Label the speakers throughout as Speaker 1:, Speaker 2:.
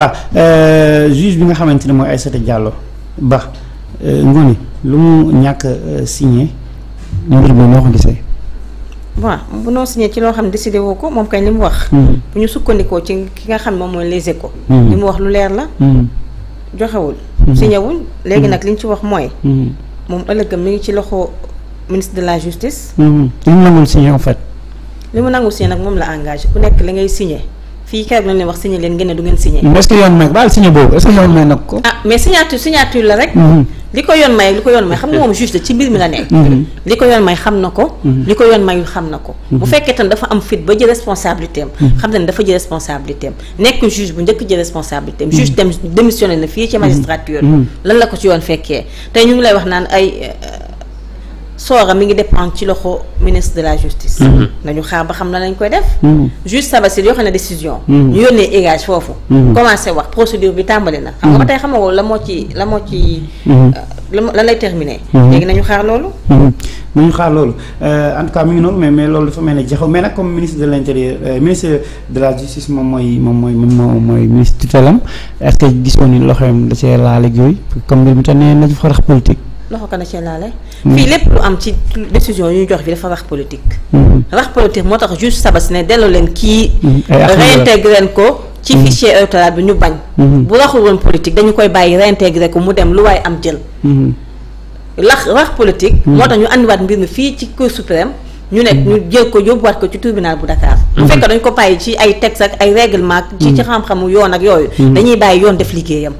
Speaker 1: ah euh, juge bi nga xamante ni mooy Aïssata Diallo ba euh, Ngoné lu mu ñàkk a euh, signé. mbir mi moo ko gisee.
Speaker 2: waaw bu noo signé ci loo xam ne décidé woo ko moom kañ li mu wax. Hmm. bu ñu sukkandikoo ci ki nga xam moom mooy les ko hmm. li mu wax lu leer la. Hmm. joxewul. signé léegi nag li ñu ci wax mooy.
Speaker 1: moom
Speaker 2: ëllëgam mi ngi ci loxo ministre de la justice.
Speaker 1: li mu nangul signé en
Speaker 2: li mu nangul signé nag moom la engage bu nekk li ngay signé. fii keroog lañ leen wax signé leen ngeen ne du ngeen signé. est ce
Speaker 1: yoon may baal signé boobu est ce que may nag ko.
Speaker 2: ah mais signature signature la rek. Mhm. li ko yoon may li xam mhm. li ko yoon may xam na ko. Mhm. bu fekkee tam dafa am fit ba jël responsabilité xam na ne dafa jël responsabilité am nekk juge bu njëkk jël responsabilité am. juge tam démissionné na fii ci magistrature. lan la ko ci yoon fekkee tey ñu ngi lay wax naan ay. soora mi ngi dépendre ci loxo ministre de la justice. Mhm. nañu xaar ba xam na lañ koy def. juge Sabassy yoo xam ne décision. Mhm. ñu yónnee égage foofu. Mhm. commencé wax procédure bi tàmbali na. xam nga ba tey xam nga la moo ci la moo euh, la lan lay terminer. léegi nañu xaar loolu.
Speaker 1: nañu xaar loolu euh, en tout cas mi ngi noonu mais mais loolu dafa mel ne jaxaw mais nag comme ministre de l' intérieur euh, ministre de la justice moom mooy moom mooy moom mooy ministre tutelam est ce que gisoon ni loxoom da cee laal ak
Speaker 2: loxo ko na cee laale. Mm. fii lépp lu am ci décision yu ñu jox bi dafa rax politique. rax mm-hmm. politique moo tax juste sabas ne delloo leen kii. Mm-hmm. réintégré leen ko. ci mm-hmm. fichier électoral bi ñu bañ. bu raxul woon politique dañu koy bàyyi réintégré ko mu dem lu waaye am jël. lax rax politique. moo tax ñu andiwaat mbir mi fii ci cour suprême. ñu nekk ñu jël ko yóbbuwaat ko ci tribunal bu Dakar. bu fekkee dañ ko bàyyi ci ay texte ak ay règlement. ci ci xam-xamu yoon ak yooyu. dañuy bàyyi yoon def liggéeyam.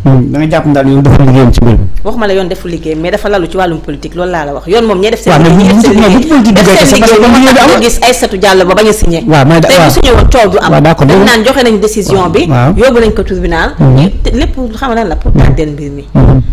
Speaker 1: Hmm. da nga jàpp ndax yoon deful liggéeyam ci mbir mi.
Speaker 2: waxuma la yoon deful liggéeyam mais dafa lalu ci wàllum politique loolu laa la wax yoon moom ñee def seen liggéey def seen liggéey ba ma tax nga a signé waaw mais naan joxe nañ décision bi yóbbu nañ ko tribunal hmm. lépp xam la pour hmm. tàddeel mbir mi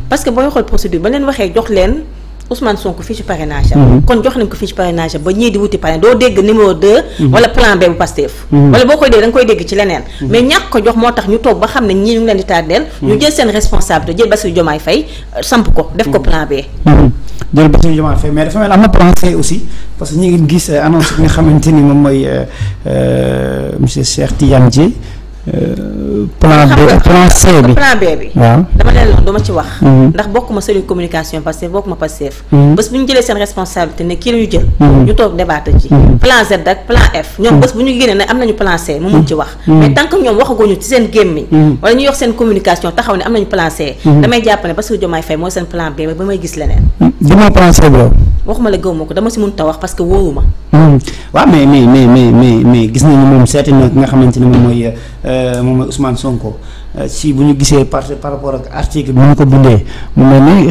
Speaker 2: parce que booy procédure ba leen waxee jox leen Ousmane Sonko fii ci parrainage mhm. kon jox nañ ko fii ci parrainage ba ñii di wuti parrain doo dégg numéro 2 mhm. wala plan B bu Pastef mhm. wala boo koy dégg da koy dégg ci leneen mais ñàkk ko jox moo tax ñu toog ba xam ne ñii ñu ngi leen di tardeel ñu jël seen responsabilité jël Bassirou Diomaye Faye euh, samp ko def ko plan B
Speaker 1: jël Bassirou Diomaye Faye mais dafa mel am na plan C aussi parce que ñu ngi gis euh, annonce bi nga xamante ni moom mooy euh, monsieur Cheikh Tidiane Dièye plan B plan C bi dama leen wax
Speaker 2: dama ci wax. Mhm. ndax bokkuma cellule communication Pastef bokkuma Pastef. Mhm. bés bu ñu jëlee seen responsabilité ne kii la ñu jël. Mhm. ñu toog débatté ci. plan Z ak plan F. ñoom bés bu ñu génnee ne am nañu plan C mu mun ci wax. mais tant que ñoom waxaguñu ci seen gémmiñ. wala ñu wax seen communication taxaw ne am nañu plan C. damay jàpp ne parce que Diomaye mooy seen plan B ba may gis leneen.
Speaker 1: du ma plan C boobu.
Speaker 2: waxuma la gëw ma ko dama si mënut tawax wax parce que wóoru ma.
Speaker 1: Hmm. waaw mais mais mais mais mais mais gis nañu moom seeti na ki ne moom mooy euh, moom mooy Ousmane Sonko euh, si bu ñu gisee par par rapport ak article bi ñu ko bindee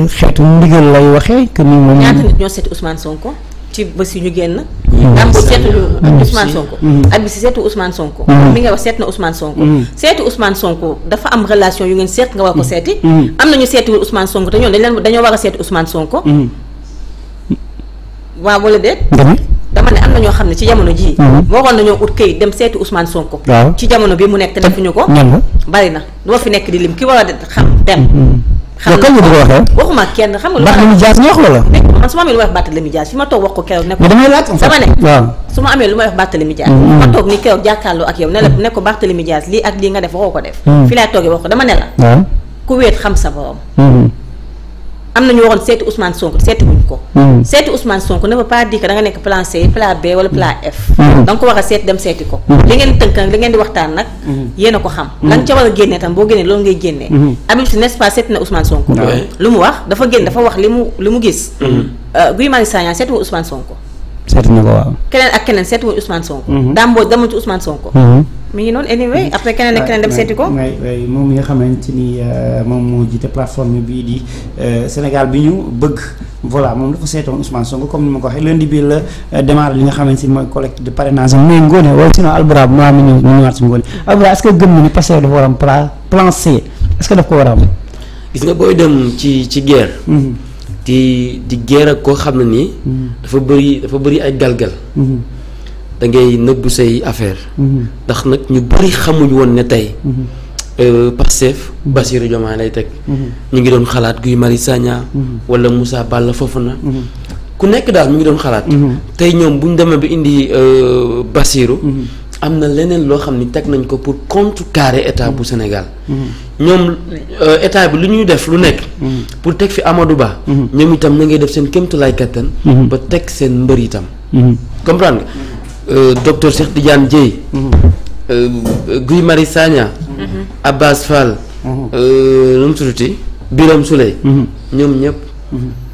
Speaker 1: xeetu ndigal lay waxee que ni
Speaker 2: seeti Ousmane Sonko. ci bés yu ñu génn. am ko seetuñu Ousmane hmm. Hmm. si seetu Ousmane Sonko. mi na Ousmane Sonko. seeti Ousmane Sonko dafa am relation yu ngeen seet nga war ko seeti. am na ñu seetiwul Ousmane Sonko te ñoom dañoo war a seeti Ousmane Sonko. waaw wala déet. dama ne am na ñoo xam ne ci jamono ji jii. Mm-hmm. waroon nañoo ut këyit dem seetu Ousmane Sonko. waaw ci jamono bi mu nekk te ñu ko. bari na doo fi nekk di lim ki war a xam dem. Mm-hmm.
Speaker 1: xam nga ko waxee. Eh?
Speaker 2: waxuma kenn xam nga ma. Barthélémy Dias ma amee lu may wax Barthélémy Dias fi ma toog wax ko keroog. ne ko damay laaj dama su ma amee lu may wax Barthélémy Dias. Mm-hmm. ma toog ni keroog jàkkaarloo ak yow ne la ne ko Barthélémy Dias lii ak lii nga def waxoo ko def. fi laay toogee wax ko dama ne la. ku wéet xam sa borom. am na ñu waxoon seeti Ousmane Sonko seeti wuñ ko. Hmm. seeti Ousmane Sonko ne veut pas dire nekk plan C plan hmm. ko war a seet dem ko. Hmm. li ngeen tënk nag li di waxtaan nag. yéen a ko xam. lan ca war a génnee tam boo génnee loolu ngay génnee. Habib Sy n'est-ce pas mu wax dafa dafa wax li mu li mu gis. Euh, Guy Marius Sagna seeti wu Ousmane Sonko.
Speaker 1: seeti na ko waaw.
Speaker 2: keneen ak keneen seeti wu Ousmane Sonko. Dame Mbodj demul ci Ousmane mi ngi noonu anyway après keneen ak keneen dem seeti ko.
Speaker 1: waay moom mi nga xamante ni euh, moom moo jiite plateforme bii di euh, Sénégal bi ñu bëgg. voilà moom dafa seetoon Ousmane Sonko comme ni ma ko waxee lundi bi la euh, démarre li nga xamante ni mooy collecte de parrainage am mais ngoone wala sinon Albra mu am ñu ñëwaat si ngoone Albra est-ce que gëm na ni Pastef dafa war a am plan plan C est-ce que daf ko war a am.
Speaker 3: gis nga booy dem ci ci guerre. Mhm. di di guerre ak koo xam ne nii. Mhm. dafa bëri dafa bëri ay galgal. Mhm. da ngay nëbbu say affaire mhm. ndax nag ñu bëri xamuñ woon ne tey mhm. euh, Pastef mhm. Bassirou Diomaye lay teg ñu ngi doon xalaat Guy Marius Sagna wala Moussa Balla Fofana ku nekk daal mu ngi doon xalaat tey ñoom bu ñu demee ba indi euh, Bassirou am na leneen loo xam ni teg nañ ko pour contrecarrer état bu Sénégal ñoom euh, état bi lu ñuy def lu nekk pour teg fi Amadou Ba ñoom itam na ngay def seen kémtulaay kattan ba teg seen mbër itam comprendre nga Euh, docteur Cheikh Tidiane Dieye. Euh, Guy Marius Sagna. Mm-hmm. Abbas Fall. Mm-hmm. Euh, nu mu tuddati Birame Souley. Mm-hmm. ñoom ñëpp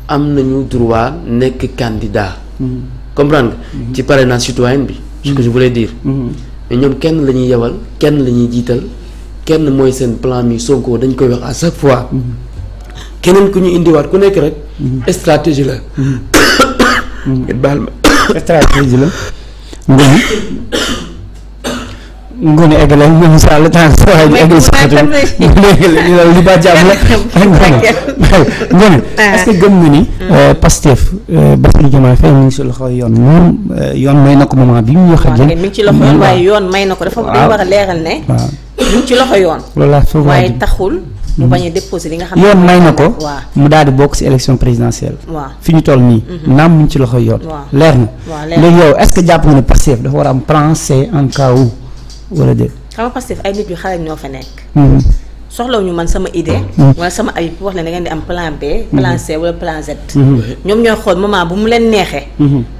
Speaker 3: am nañu droit nekk candidat. comprendre nga ci parrainage citoyen bi. ce ñoom kenn la ñuy yewal kenn la ñuy jiital kenn mooy seen plan mi Sonko dañ koy wax à chaque fois. keneen ku ñu indiwaat ku nekk rek. stratégie la. ngeen baal ma la. nga ni Ngone eggale sa
Speaker 1: waay ji ba jàmm la ak Ngone Ngone est-ce que ni mm. euh, Pastef euh, Bassirou Diomaye Faye mu ngi si loxo yoon moom euh, yoon may na ko moment bi mu wax ak yéen ci loxo yoon waaye
Speaker 2: may na ko dafa war a leeral ne waaw mu ngi ci loxo yoon waaye taxul mu mm-hmm. bañ a déposé li nga xam ne yoon may na ko
Speaker 1: mu daal di bokk si élection présidentielle waaw fi ñu toll nii mm-hmm. naam mu ngi ci loxo yoon leer na léegi yow est-ce que jàpp nga ne Pastef dafa war am plan en cas wala déet.
Speaker 2: xam nga Pastef ay nit yu xarañ ñoo fa nekk. Mm-hmm. soxlaw ñu man sama idée. Mm-hmm. wala sama ayib wax ne da ngeen di am plan B. Mm-hmm. plan C wala plan Z. Mm-hmm. ñoom ñooy xool bu mu leen neexee.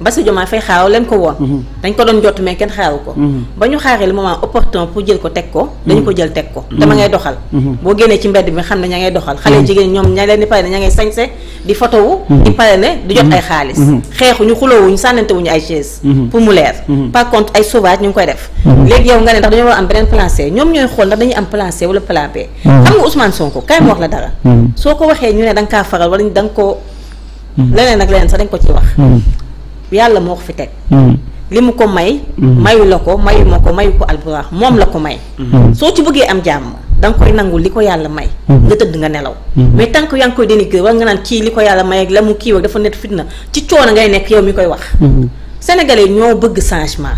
Speaker 2: Bassirou Diomaye Faye xaaral leen ko woon. dañ ko doon jot mais kenn ko. ba ñu xaaree le moment opportun pour jël ko teg ko. dañu ko jël teg ko. dama ngay doxal. boo génnee ci mbedd bi xam ne ña ngay doxal. xale jigéen ñoom ña leen di pare ne ña ngay sañse di di pare ne di jot ay xaalis. xeexuñu xuloowuñu sànnantewuñu ay chaise. mu leer. par contre ay sauvage ñu ngi koy def. léegi yow nga ne ndax dañoo war am beneen plan C ñoom ñooy xool ndax dañuy am plan C wala plan B Mm-hmm. xam nga Ousmane Sonko kay ma wax la dara. Mm-hmm. soo ko waxee ñu ne da nga kaa faral wala da nga koo. Mm-hmm. leneen ak leneen sax dañ ko ci wax. yàlla moo ko fi teg. li mu ko may. mayu la ko mayu ma ko mayu ko alburax moom la ko may. soo ci bëggee am jàmm da nga koy nangul li ko yàlla may. nga tëdd nga nelaw. mais tant que yaa ngi koy dénigré war nga naan kii li ko yàlla may ak la mu kii wax dafa net fitna ci coono ngay nekk yow mi koy wax. sénégalais ñoo bëgg changement.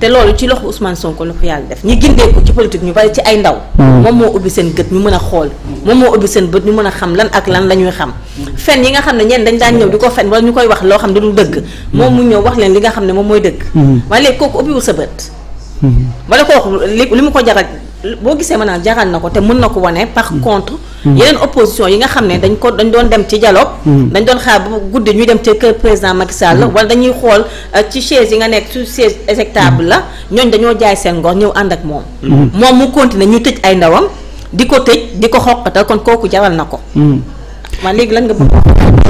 Speaker 2: te loolu ci loxo Ousmane Sonko la ko yàlla def ñi gindeeku ci politique ñu bari ci ay ndaw. Hmm. moom moo ubbi seen gët ñu mën a xool. moom moo ubbi seen bët ñu mën a xam lan ak lan la ñuy xam. fen yi nga xam ne ñenn dañ daan ñëw di ko fen wala ñu koy wax loo xam ne du dëgg. moom mu ñëw wax leen li nga xam ne moom mooy dëgg. Hmm. waaye léegi kooku ubbiwul sa bët. Hmm. wala ko li li mu ko jaral boo gisee maanaam jaral na ko te mën na ko wane par contre yeneen opposition yi nga xam ne dañ ko dañ doon dem ci dialogue dañ doon xaar ba guddi ñuy dem ci kër président Macky Sall wala dañuy xool euh, ci chaise yi nga nekk su chaise éjectable la ñooñ dañoo jaay seen ngor ñëw ànd ak moom mm-hmm. moom mu continuer ñu tëj ay ndawam di ko tëj di ko xoqatal kon kooku jaral na ko mm-hmm. waaw léegi lan nga bëgg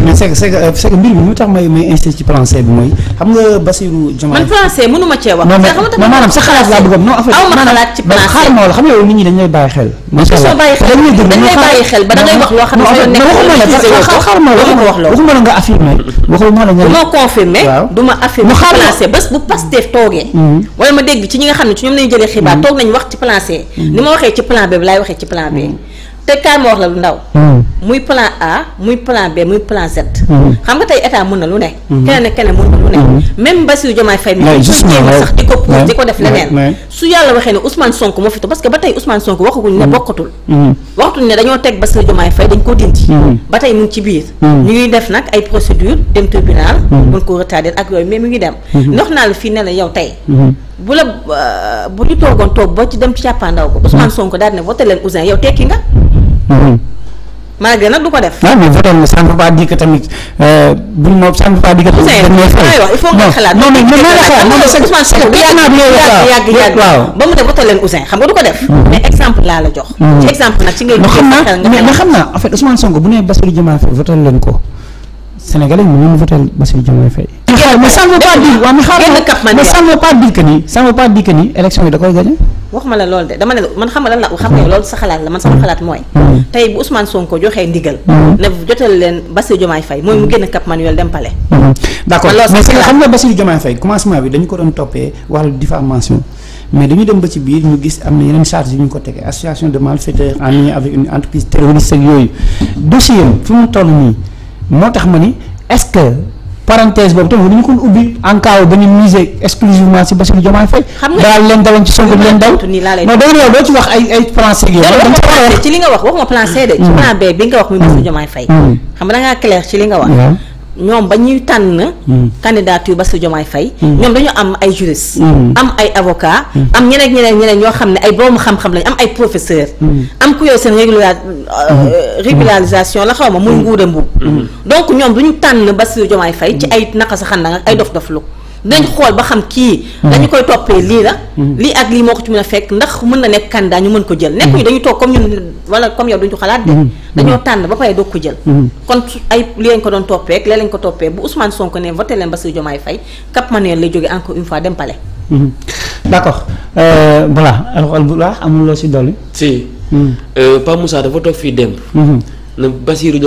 Speaker 1: mais c'est que c'est mbir bi lu tax may may insisté ci français bi mooy xam nga Bassirou Diomaye man
Speaker 2: français mënuma cee wax maanaam sa xalaat laa bëgg am non en fait xaaral ma xam
Speaker 1: nga yow nit ñi dañ lay bàyyi xel xel ba da xam ne sa yoon nekk xaaral ma la waxuma
Speaker 2: la nga affirmé waxuma la nga du ma confirmé du ma affirmé français bés bu Pastef toogee mm-hmm. wala ma dégg ci ñi nga xam ne ci ñoom lañu jëlee xibaar mm-hmm. toog nañ wax ci plan C mm-hmm. ni ma waxee ci plan bi laay waxee ci plan B te kaay ma wax la lu ndaw. Hmm. muy plan A muy plan B muy plan Z. Hmm. xam nga tey état mun na lu ne. Hmm. keneen ak keneen mun na lu ne. même Bassirou Diomaye Faye mi koy jéem sax
Speaker 1: di ko pousse di ko def leneen.
Speaker 2: su yàlla waxee ne Ousmane Sonko moo fi parce que ba tey Ousmane Sonko waxaguñ ne bokkatul. waxatuñ ne dañoo teg Bassirou Diomaye Faye dañ ko dindi. ba tey mu ngi ci biir. ñu ngi def nag ay procédure dem tribunal. buñ ko retardé ak yooyu mais mu ngi dem. ndox naa la fii ne la yow tey. bu la euh, bu ñu toogoon toog ba ci dem ci càppaandaw ko Ousmane Sonko daal ne voté leen Ouzin yow tekki nga. Mm-hmm. malgré du ko def.
Speaker 1: Ah, na ça ne veut pas dire que tamit euh, buñ ma ça ne veut pas dire leen
Speaker 2: Ouzin xam nga du ko def. Mm-hmm. mais exemple la jox. Mm-hmm. ci exemple nag ci ngay. xam naa
Speaker 1: mais bu nee Bassirou Diomaye Faye voté leen ko Sénégalais yi mënuñu voté Bassirou Diomaye Faye waaw mais ça ne veut pas
Speaker 2: ma la loolu de dama ne la man xam nga lan la xam nga loolu sa xalaat la man sama xalaat mooy. Hmm. tey bu Ousmane hmm. mu hmm. d'
Speaker 1: accord mais xam nga Bassirou Diomaye Faye commencement bi dañu ko doon toppee wàllu diffamation mais dañu dem ba biir ñu gis am na yeneen charge yu ko tegee association de malfaiteurs en lien avec une entreprise terroriste yooyu dossier fi mu toll nii moo tax ma ni est parenthèse boobu tamit dañu ko ubbi en cas dañu miser exclusivement ci Bassirou Diomaye Faye. xam nga daal leen daloon ci Sonko di leen dal. non da nga doo ci wax ay ay plan C.
Speaker 2: ci li nga wax waxuma plan de. Mm. ci plan B bi nga wax muy Bassirou Diomaye Faye. Mm. xam nga da ngaa ci li nga wax. ñoom ba ñuy tànn. Hmm. candidature Bassirou jomaay fay hmm. ñoom dañu am ay juriste. Hmm. am ay avocat am ñeneen ñeneen ñeneen ñoo xam ne ay boroom xam-xam lañu am ay professeur am ku yow seen régula euh, régularisation la xaw ma muy nguur a donc ñoom du ñu tànn Bassirou Diomaye fay ci ay naqasa xandang ak ay dof-doflu. dañ xool ba xam kii. Hmm. dañu koy toppee lii la. Hmm. lii ak lii moo ko ci mën a fekk ndax mën na nekk candidat ñu mën ko jël. nekkuñu hmm. dañu toog comme ñun wala comme yow duñu xalaat de. dañoo tànn ba pare doog ko jël. kon ay lii lañ ko doon toppee ak lee lañ ko toppee bu Ousmane Sonko ne voté leen Bassirou Diomaye Faye Cap Manuel lay jógee encore une fois dem palais.
Speaker 3: d'accord euh, voilà alhamdulilah loo si dolli. si. Euh, Pape Moussa dafa toog fii démb. na Bassirou